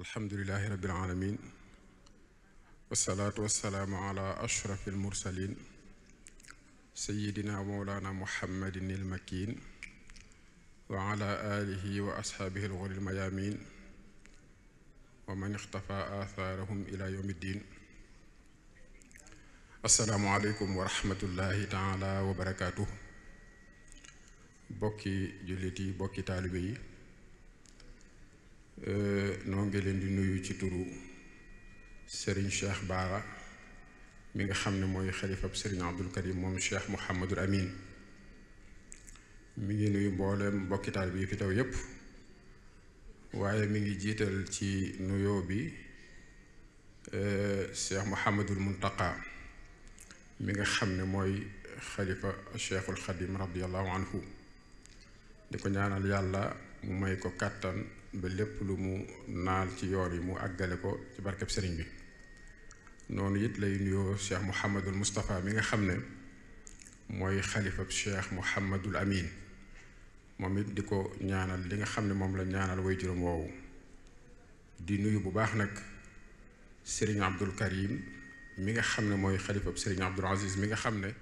الحمد لله رب العالمين والصلاة والسلام على أشرف المرسلين سيدنا مولانا محمد المكين وعلى آله وأصحابه الغر الميامين ومن اختفى آثارهم إلى يوم الدين السلام عليكم ورحمة الله تعالى وبركاته بوكي جلدي بوكي طالبيه Euh, noo ngi leen di nuyu ci turu Serigne Cheikh Baara mi nga xam ne mooy xalifab Serigne Abdul Karim moom Cheikh Mouhamadul Amin mi ngi nuyu mboolem mbokkitaal bi fi taw yépp waaye mi ngi jiital ci nuyo bi euh, Cheikh Mouhamadul Muntaqa mi nga xam ne mooy xalifa Cheikhul Xadim radiallahu anhu di ko ñaanal yàlla mu may ko kàttan ba lépp lu mu naal ci yoor yi mu àggale ko ci barkeb sëriñ bi noonu it lay nuyoo cheikh Mouhamadul Moustapha mi nga xam ne mooy xalifab cheikh Mouhamadul Amin moom it di ko ñaanal li nga xam ne moom la ñaanal way juróom woowu di nuyu bu baax nag sëriñ Abdul Karim mi nga xam ne mooy xalifab sëriñ Abdul Aziz mi nga xam ne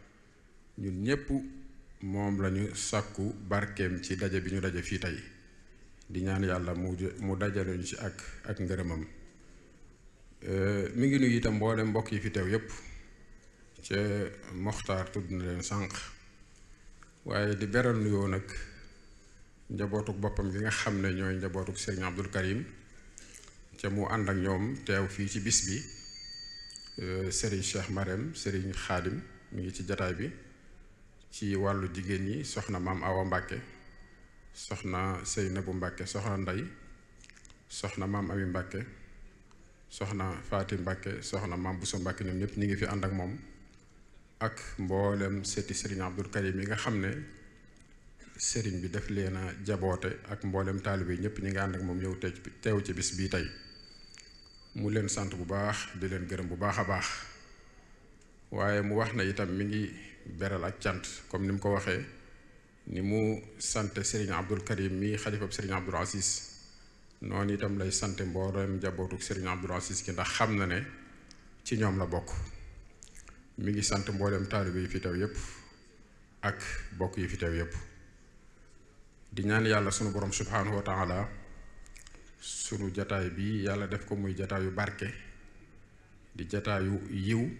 ñun ñépp moom lañu sàkku barkeem ci daje bi ñu daje fii tey di ñaan yàlla mu mu ñu ci ak ak ngërëmam euh, mi ngi nuyu itam mboole mbokk yi fi tew yépp ca moxtaar tudd na leen sànq waaye di beral nuyoo nag njabootuk boppam gi nga xam ne ñooy njabootuk sëriñ Abdul Karim ca mu ànd ak ñoom teew fii ci bis bi euh, Serigne Cheikh Marem Serigne Khadim mi ngi ci jataay bi ci wàllu jigéen ñi soxna maam Awa Mbàkke soxna Seynabu mbacke soxna nday soxna mam Ami mbacke soxna Faati mbacke soxna bu so mbacke ñom ñep ñi ngi fi andang ak mom ak mbollem seti Serigne Abdul Karim yi nga xamne Serigne bi def leena jabote ak ak mboolem ñep ñi nga and ak mom ak moom bi tew ci bis bi tay mu leen sante bu baax di leen gërëm bu baaxa baax waaye mu wax na itam mi ngi beral ak cant comme nim ko waxee. ni mu sant sëriñ Abdul Karim mi xalifab Serigne Abdul Aziz noonu itam lay sant mboolem njabootu Serigne Abdul Aziz ki ndax xam na ne ci ñoom la bokk mu ngi sant mboolem taalibe yi fi teew yépp ak bokk yu fi teew yépp di ñaan yàlla sunu borom subhaanahu wa taala sunu jataay bi yàlla def ko muy jataayu barke di jataayu yiw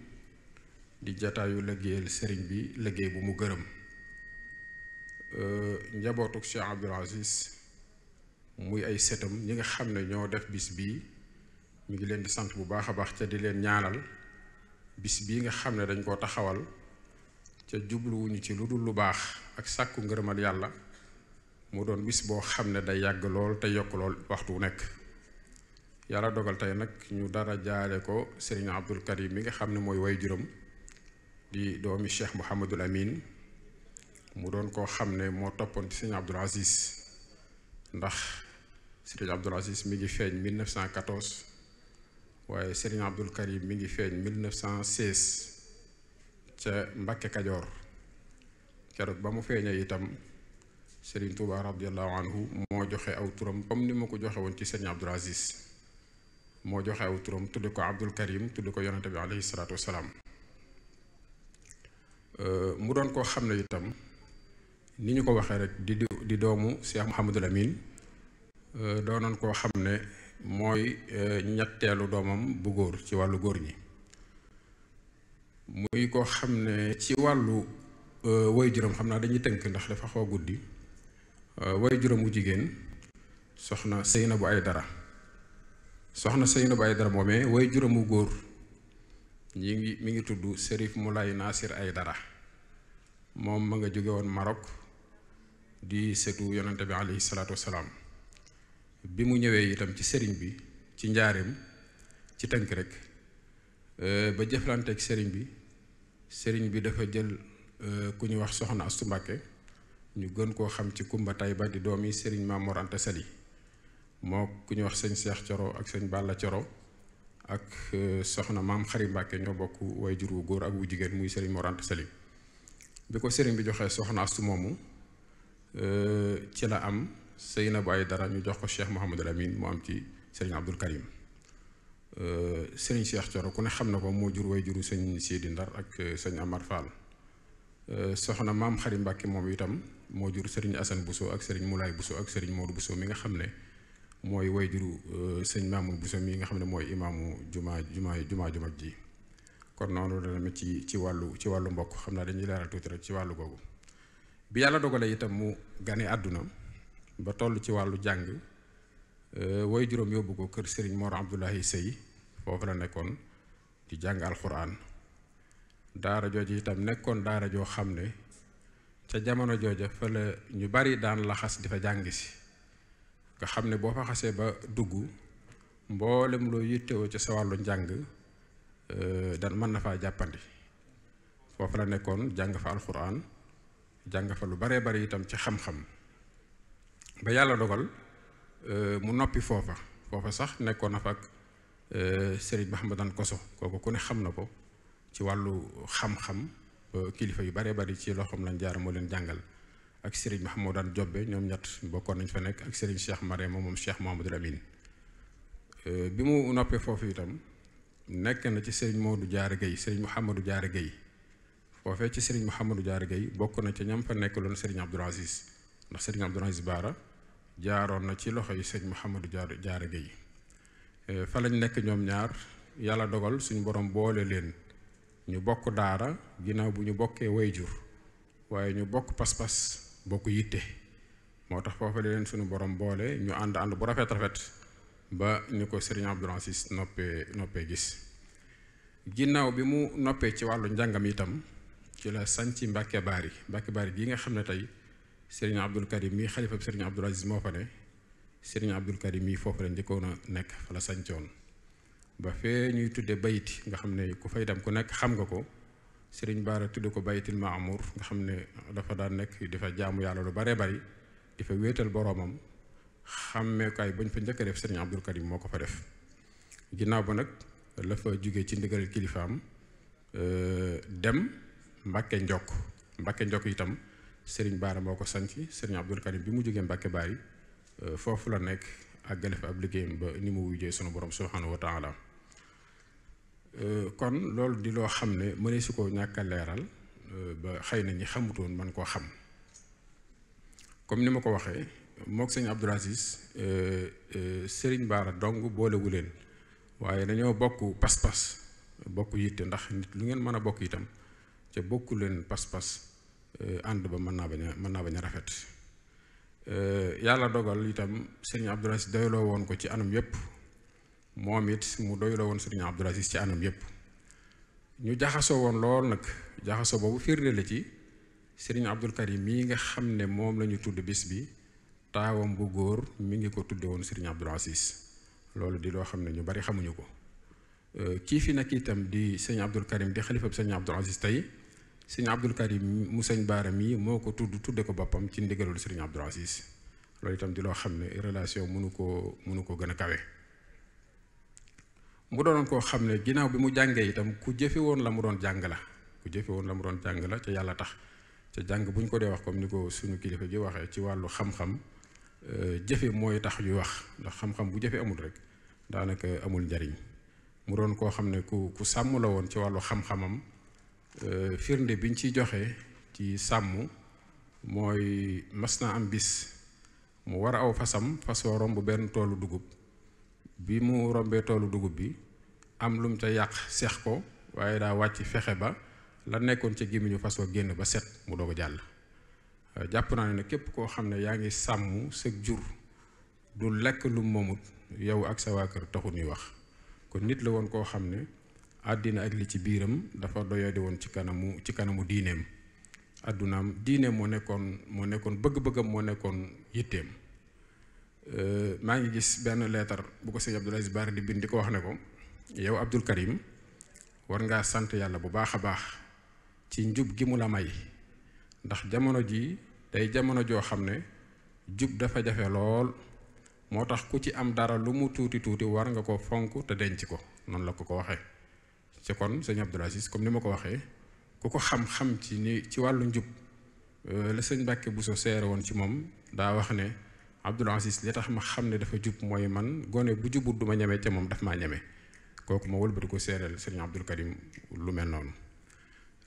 di jataayu liggéeyal sëriñ bi liggéey bu mu gërëm Euh, njabootuk Cheikh Abdoul Aziz muy ay setam ñi nga xam ne ñoo def bis bii mu ngi leen di sant bu baax a baax ca di leen ñaanal bis bii nga xam ne dañ koo taxawal ca jubluwuñu ci lu dul lu baax ak sàkku ngërëmal yàlla mu doon bis boo xam ne day yàgg lool te yokk lool waxtu wu nekk yàlla dogal tey nag ñu dara jaare ko Serigne Abdul Karim mi nga xam ne mooy way juróom di doomi Cheikh Mouhamadul Amin mu doon koo xam ne moo toppoon ci sëñ Abdoul Aziz ndax sëriñ Abdoul Aziz mi ngi feeñ 1914 waaye sëriñ Abdoul Karim mi ngi feeñ 1916 ca Mbacke Kajoor keroog ba mu feeñee itam sëriñ Touba radiallahu anhu moo joxe aw turam comme ni ma ko joxe woon ci sëriñ Abdoul Aziz moo joxe aw turam tudde ko Abdoul Karim tudde ko yonente bi aleyhi salaatu wasalaam mu doon koo xam ne itam ni ñu ko waxee rek di di doomu Cheikh Mouhamadul Amine euh, doonoon koo xam ne mooy euh, ñetteelu doomam bu góor ci wàllu góor ñi muy ko xam ne ci wàllu euh, way juróom xam naa dañuy tënk ndax dafa xaw a guddi way juróom wu jigéen soxna Seynabou dara soxna Seynabou Aïdara moomee way juróom wu góor ñi ngi mi ngi tudd Serif Moulay Nasir dara moom ma nga jóge woon marok di sëtu yonente bi alayhi salaatu wasalaam bi mu ñëwee itam ci sëriñ bi ci njaareem ci tënk rek euh, ba jëflanteeg sëriñ bi sëriñ bi dafa jël euh, ku ñu wax soxna Astu Mbàkke ñu gën koo xam ci Kumba ba di doomi sëriñ Maamoor Anta Sali moo ku ñu wax sëñ Seex Coro ak sëñ Balla Coro ak euh, soxna maam Xari Mbàkke ñoo bokk way jur góor ak wu jigéen muy sëriñ Mor Anta bi ko sëriñ bi joxee soxna Astu moomu Euh, ci la am ay dara ñu jox ko Cheikh Mouhamadul Amine mu am ci Serigne Abdul Karim euh, Serigne Cheikh Thioro ku ne xam na ko moo jur way juru sëñ Sidi Ndar ak euh, sëñ Amar Fall soxna maam Xari Mbàkke moom itam moo jur seriñ Assane Bousso ak Serigne Moulay Bousso ak Serigne Modou Bousso mi nga xam ne mooy way juru sëñ Mamoun Bousso mi nga xam ne mooy imaamu jumaa jumaa jumaa ju mag ji kon noonu la demee ci ci wàllu ci wàllu mbokk xam naa dañuy leeral tuuti rek ci wàllu googu. bi yàlla dogalee itam mu gane àdduna ba toll ci wàllu jàng e, woy juróom yóbbu ko kër Serigne Mor Abdoulaye Sey foofu la nekkoon di jàng alxuraan daara jooju itam nekkoon daara joo xam ne ca jamono jooja fa la ñu bari daan laxas di fa jàng si nga xam ne boo fa xasee ba dugg mboolem loo yittewoo ci sa wàllu njàng e, dan mën na faa jàppandi foofu la nekkoon jàng fa alxuraan jàng fa lu baree itam ci xam-xam ba yàlla dogal mu nopi fofa fofa sax nekkona fa ak Serigne Mahamadan Koso kooku ku ne xam nako ci walu xam xam-xam kilifa yu bare bare ci loxom lañ jaar mo len jàngal ak Serigne Mahamadan Jobbe ñom ñatt bokkon nañ fa nek ak Serigne Cheikh mom mom Cheikh Mouhamadou ramin euh bimu nopi fofu itam nek na ci Serigne Modou Diarra Gueye Serigne Mouhamadou Diarra Gueye foofee ci serigne Mouhamadou diar gay bokk na ci ñam fa lu serigne abdou Aziz ndax serigne Jar Aziz bara jaaroon na ci loxoy serigne sëriñ diar diar gay fa lañ nek ñom ñaar yalla dogal suñu borom boole leen ñu bokk daara ginaaw bu ñu bokké wayjur waye ñu bokk pas-pas bokk yitte motax tax leen suñu borom boole ñu anda anda bu rafet rafet ba ñu ko serigne abdou Aziz noppé noppé gis ginaaw bi mu noppé ci walu njangam itam ci la santi Mbàkke bari Mbàkke bari bi nga xamne tay serigne sëriñ Abdul Karim mi khalifa serigne sëriñ Abdul Aziz mo fa ne serigne Abdul Karim mi fofu len diko na nek fa la santion ba fe ñuy tudde bayit nga xamne ku fay dam ku nek xam nga ko serigne bara tudde ko bayitul Maamur nga xamne dafa da nek difa jaamu yàlla lu bare bare difa wétal boromam xamé kay buñ fa ñëk def serigne Abdul Karim moko fa def ginaaw ba nak la fa juggé ci ndigal kilifaam dem Mbàkke Njokk Mbàkke Njokk itam Serigne Baara moo ko sanc Serigne Abdul Karim bi mu jógee Mbàkke Baari euh, foofu la nekk ak gale fa ab liggéeyam ba ni mu wujjee suñu borom subhaanahu wa taala euh, kon loolu di loo xam ne mënee su ko ñàkk a euh, ba xëy na ñi xamutoon man koo xam comme ni ma ko waxee mook sëñ Abdul Aziz Serigne Baara dong boolewu leen waaye dañoo bokk pas-pas bokk yitte ndax nit lu ngeen mën a bokk itam ca bokku pass pas-pas and eh, ba man na rafet eh, dogal itam serigne abdou rassid doylo won ko ci anam yépp momit mu doylo won serigne abdou rassid ci anam yépp ñu jaxaso won lool nak jaxaso bobu firne la ci serigne Abdul Karim mi nga xamne mom lañu tudd bis bi tawam bu goor mi ngi ko tudde won serigne abdou rassid loolu di lo xamne ñu bari xamuñu ko eh, kii fi di sëriñ Abdul Karim di khalifa sëriñ Abduraziz Aziz sëriñ abdul karim mu sëñ baara mi moo ko tudd tudde ko boppam ci ndigalul sëriñ abdul asis loolu itam di loo xam ne relation mënu koo mënu ko kawe mu doonoon koo xam ne ginnaaw bi mu jàngee itam ku jëfe woon la mu doon jàng la ku jëfe woon la mu doon jàng la ca yàlla tax ca jàng bu ñu ko dee wax comme ni ko suñu kilifa gi waxee ci wàllu xam-xam euh, tax wax ndax xam-xam bu amul rek amul mu doon ku ku sàmm la woon ci wàllu xam-xamam Euh, firnde biñ ciy joxee ci sàmm mooy mas na am bis mu war a aw fasam fas wa romb benn toolu dugub bi mu rombee toolu dugub bi am lum ca yàq seex ko waaye daa wàcc fexe ba la nekkoon ca gémmiñu fas wa génn ba set mu doog a jàll euh, jàpp naa ne képp koo xam ne yaa ngi sàmm sa jur du lekk lu moomut yow ak sa waa kër taxu ñuy wax kon nit la woon koo xam ne adina ak li ci biiram dafa doyadi won ci kanamu ci kanamu diineem addunaam dinem monekon nekkoon moo nekkoon bëgg-bëggam nekkon yittem euh ma ngi gis ben leetar bu ko sëñ Aziz di bind di ko wax ne ko yow Abdul Karim war nga sante yalla bu baakha a baax ci njub gi mu la may ndax jamono ji day jamono jo xamne jub dafa jafé lol motax ku ci am dara lu mu tuti tuti war nga ko fonku te denc ko non la ko ko waxe ci kon sëñ Abdoul Aziz comme ni ma ko waxee ku ko xam-xam ci ni ci wàllu njub euh, la sëñ bu Buso seere woon ci moom daa wax ne Abdoul Aziz li tax ma xam ne dafa jub mooy man gone bu jubut du ma ñemee te moom daf maa ñeme kooku ma wëlbati ko seereel sëñ Abdul Karim lu mel noonu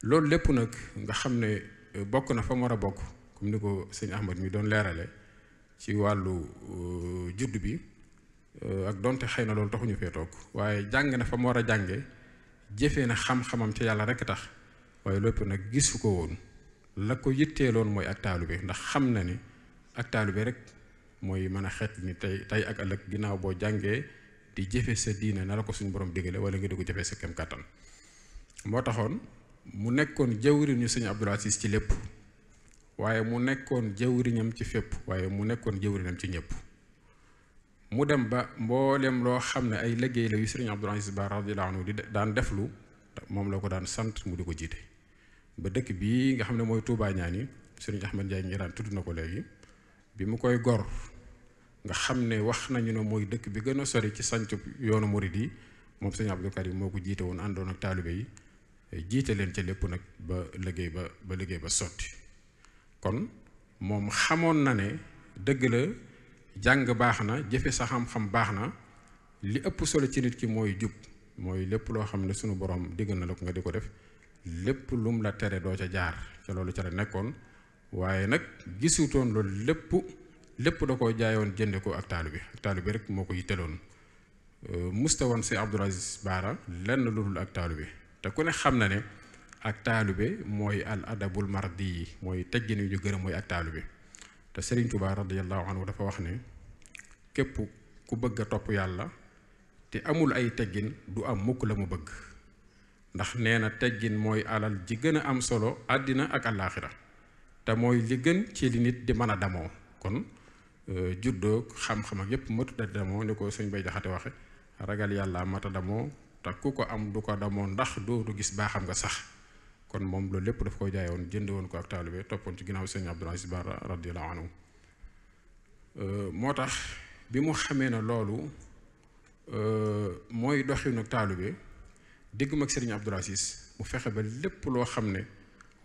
loolu lépp nag nga xam ne euh, bokk na fa mu war a bokk comme ni ko sëñ Ahmad mi doon leerale ci wàllu euh, judd bi ak donte xëy na loolu taxuñu fee toog waaye jàng na fa mu war a jànge jëfee na xam-xamam ci yàlla rekk tax waaye lépp nag gisu ko woon la ko yitteeloon mooy ak bi ndax xam na ni ak bi rekk mooy mën a xet ni tey tey ak ëllëg ginnaaw boo jàngee di jëfe sa diine na la ko suñu borom digale wala nga di ko jëfee sa kem kàttan moo taxoon mu nekkoon jëwriñu sëñ Abdul Asiis ci lépp waaye mu nekkoon jawriñam ci fépp waaye mu nekkoon jawriñam ci ñëpp mu dem ba mboolem loo xam ne ay liggéey la yu sëriñ Abdul Aziz Ba radiyallahu anhu di daan deflu moom la ko daan sant mu di ko jiite ba dëkk bii nga xam ne mooy Touba Ñaani sëriñ Ahmed Ndiaye Ngiraan tudd na ko léegi bi mu koy gor nga xam ne wax nañu ne mooy dëkk bi gën a sori ci sanc yoonu murid yi moom sëriñ Abdou Karim moo ko jiite woon àndoon ak taalibe yi jiite leen ca lépp nag ba liggéey ba ba liggéey ba sotti kon moom xamoon na ne dëgg la jàng baax na jëfe sa xam-xam baax na li ëpp solo ci nit ki mooy jub mooy lépp loo xam ne sunu borom digg na la ko nga di ko def lépp lum la tere doo ca jaar ca loolu ca la nekkoon waaye nag gisutoon loolu lépp lépp da koo jaayoon jënde ko ak taalibe ak taalibe rek moo ko yitteloon euh, mustawan si Abdou Aziz Baara lenn lu dul ak taalibe te ku ne xam na ne ak taalibe mooy al adabul mardi yi mooy teggin yu ñu gërëm mooy ak taalibe te Serigne Touba radiyallahu anhu dafa wax ni képp ku bëgg a topp yàlla te amul ay teggin du am mukk la mu bëgg ndax nee na teggin mooy alal ji gën a am solo àddina ak àllaaxira te mooy li gën ci li nit di mën a damoo kon euh, juddoo xam-xam ak yépp matu da damoo ni ko suñ bay jaxate waxe ragal yàlla mata damoo te ku ko am du ko damoo ndax dootu gis baaxam nga sax kon moom loolu lépp daf ko jaayoon jënd woon ko ak taalibe toppoon ci ginnaaw sëñ Abdul Aziz Ba radiyallahu euh, moo tax bi mu xamee na loolu euh, mooy doxinu ak taalibe digg mag sëriñ Abdul Aziz mu fexe ba lépp loo xam ne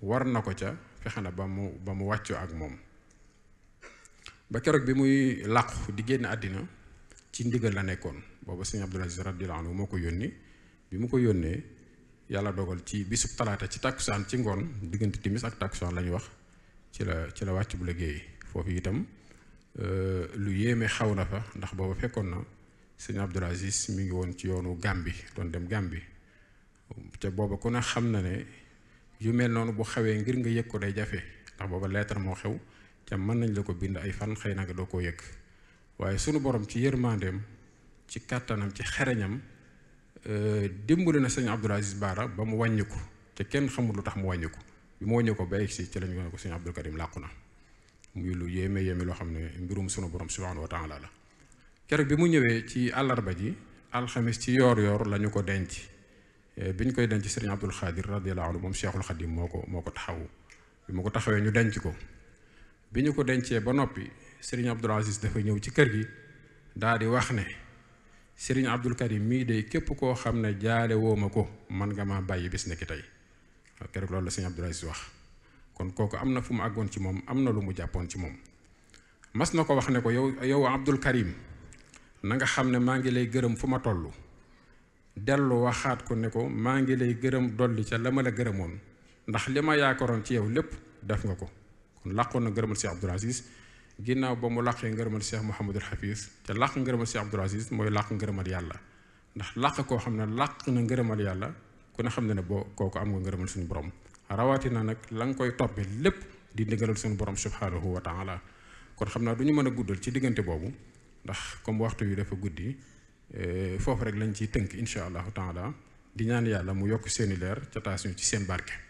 war na ko ca fexe na ba mu ba mu wàccoo ak moom ba keroog bi muy làqu di génn àddina ci ndigal la nekkoon booba sëñ Abdul Aziz radiyallahu moo ko yónni bi mu ko yónnee yàlla dogal ci bisub talaata ci tàkkusaan ci ngoon diggante timis ak tàkkusaan la ñu wax ci la ci la wàcc bu liggéey foofu itam euh, lu yéeme xaw na fa ndax booba fekkoon na sëñ Abdoul Aziz mi ngi woon ci yoonu Gàmbi doon dem Gàmbi te booba ku ne xam na ne yu mel noonu bu xawee ngir nga yëg ko day jafe ndax booba leetar moo xew te mën nañ la ko bind ay fan xëy nag nga doo koo yëg waaye sunu borom ci yërmandeem ci kàttanam ci xereñam Euh, dimbali na sëñ Abdoul Aziz Baara ba mu wàññi ko te kenn xamul lu tax mu wàññi ko bi mu wàññi ko ba egg si ci lañu ne ko sëñ Abdou Karim làqu na muy lu yéeme yéeme loo xam ne mbirum sunu borom subhaanahu wa taala la keroog bi mu ñëwee ci àllarba ji alxamis ci yoor yoor la ñu ko denc euh, bi ñu koy denc sëriñ Abdul Xaadir radiyallahu anhu moom Cheikhul Xadim moo ko moo ko taxawu bi ma ko taxawee ñu denc ko bi ñu ko dencee ba noppi sëriñ Abdul Aziz dafay ñëw ci kër gi daal di wax ne Serigne Abdul Karim mii de képp koo xam ne jaale woo ma ko man nga maa bàyyi bis nekki tey keroog lool la Serigne Abdul Aziz wax kon kooku am na fu mu àggoon ci moom am na lu mu jàppoon ci moom mas na ko wax ne ko yow yow Abdul Karim na nga xam ne maa ngi lay gërëm fu ma tollu dellu waxaat ko ne ko maa ngi lay gërëm dolli ca la ma la gërëmoon ndax li ma yaakaaroon ci yow lépp def nga ko kon làqoon na gërëmal si Abdul Aziz ginnaaw ba mu làqee ngërëmal cheikh mohamadul hafiz te laq ngërëmal cheikh Abdou aziz mooy Nah ngërëmal yàlla ndax laq koo xam ne làq na ngërëmal yàlla ku ne xam ne ne boo kooku am nga ngërëmal suñu borom nag la nga koy toppe lépp di ndigalal suñu borom subhanahu wa taala kon xam naa du ñu mën a guddal ci diggante boobu ndax comme waxtu wi dafa guddi e, foofu rek lañ ci tënk incha taala di ñaan yàlla mu yokk seeni leer ca ci seen barke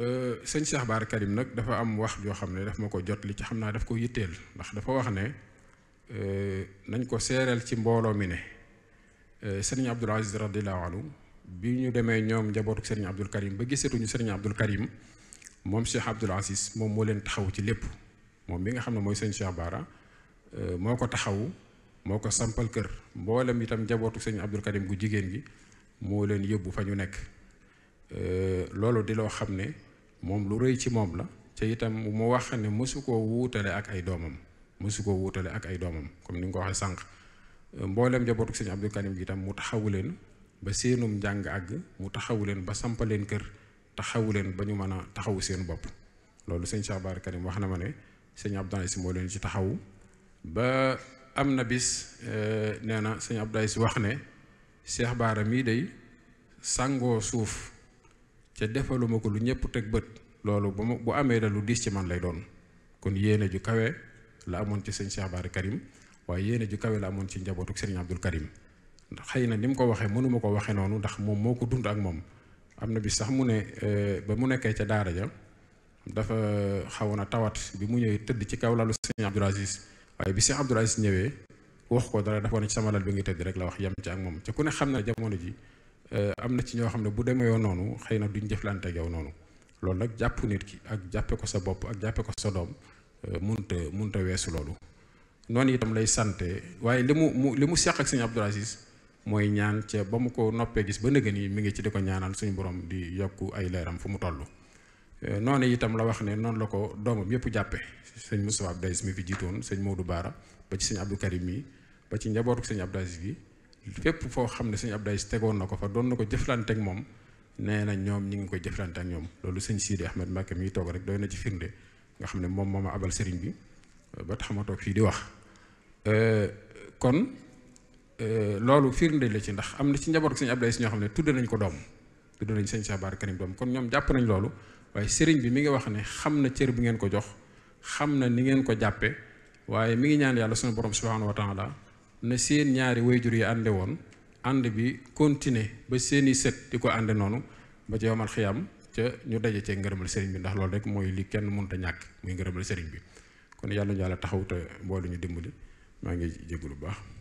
Euh, sëñ Cheikh Bara Karim nag dafa am wax joo xam ne daf ma ko jot li ci xam naa daf ko yitteel ndax dafa wax ne euh, nañ ko seeral ci mbooloo mi ne euh, sëriñ Abdul Aziz radiyallahu anhu bi ñu demee ñoom njabootu sëñ Abdul Karim ba gisatuñu sëriñ Abdul Karim moom Cheikh Abdul Aziz moom moo leen taxawu ci lépp moom bi nga xam ne mooy sëñ Cheikh Bara moo ko taxaw moo ko sampal kër mboolem itam njabootu sëñ Abdul Karim gu jigéen gi moo leen yóbbu fa ñu nekk loolu di loo xam ne. moom lu rëy ci moom la te itam mu wax ne mosu koo wuutale ak ay doomam mosu koo wuutale ak ay doomam comme ni nga ko waxee sànq mbooleem njabootu sëñ Abdou Karim gi itam mu taxawu leen ba seenum njàng àgg mu taxawu leen ba sampaleen kër taxawu leen ba ñu mën a taxawu seen bopp loolu sëñ Cheikh Bara yi wax na ma ne sëñ Abdou Aziz moo leen ci taxawu ba am na bis e, nee na sëñ Abdou Aziz wax ne Cheikh Bara mii day sàngoo suuf ca defaluma ko lu ñëpp teg bët loolu bu bu amee la lu diis ci man lay doon kon yéene ju kawe la amoon ci sëñ Cheikh Bara Karim waaye yéene ju kawe la amoon ci njabootu sëriñ Abdul Karim ndax na ni mu ko waxee mënuma ko waxee noonu ndax moom moo ko dund ak moom am na bi sax mu ne eh, ba mu nekkee ca daara ja dafa xawoon a tawat bi mu ñëwee tëdd ci kaw lalu sëñ Abdul Aziz waaye bi sëñ Abdul Aziz ñëwee wax ko dara dafa ne sama lal bi ngi tëdd rek la wax yem ci ak moom ca ku ne xam na jamono ji Euh, am na ci ñoo xam ne bu demee yoon noonu xëy na duñ jëflante ak yow noonu loolu nag jàpp nit ki ak jàppe ko sa bopp ak jàppe ko sa doom euh, munta munta weesu loolu noonu itam lay sante waaye li mu mu li mu seq ak sëñ Abdou Aziz mooy ñaan ca ba mu ko noppee gis ba nëgën yi mi ngi ci di ko suñu borom di yokk ay leeram fu mu toll euh, noonu itam la wax ne noonu la ko doomam yëpp jàppe sëñ Moustapha Abdou Aziz mi fi jiitoon sëñ Modou Baara ba ci sëñ Abdou Karim yi ba ci njabootu sëñ Abdou Aziz gi fépp foo xam ne sëñ Abdoulaye Sy tegoon na ko fa doon na ko jëflante ak moom nee na ñoom ñu ngi koy jëflante ak ñoom loolu sëñ Sidi Ahmed Mbacké mii toog rek doy na ci firnde nga xam ne moom moo ma abal sëriñ bi ba tax ma fii di wax euh, kon euh, loolu firnde la ci ndax am na ci njaboot sëñ Abdoulaye Sy ñoo xam ne tudde nañ ko doom tudde nañ sëñ Cheikh Bara Karim kon ñoom jàpp nañ loolu waaye sëriñ bi mi ngi wax ne xam na cër bu ngeen ko jox xam na ni ngeen ko jàppe waaye mi ngi ñaan yàlla sunu borom subhanahu wa taala na seen ñaari wayjur yi ànde woon ànd bi continuer ba seeni sët di ko ànde noonu ba ci yomal xiyam ca ñu daje cee ngërëmal sëriñ bi ndax loolu rek mooy li kenn mënta ñàkk muy ngërëmal sëriñ bi kon yàlla ñu yàlla taxaw te boole ñu dimbali maa ngi jégalu bu baax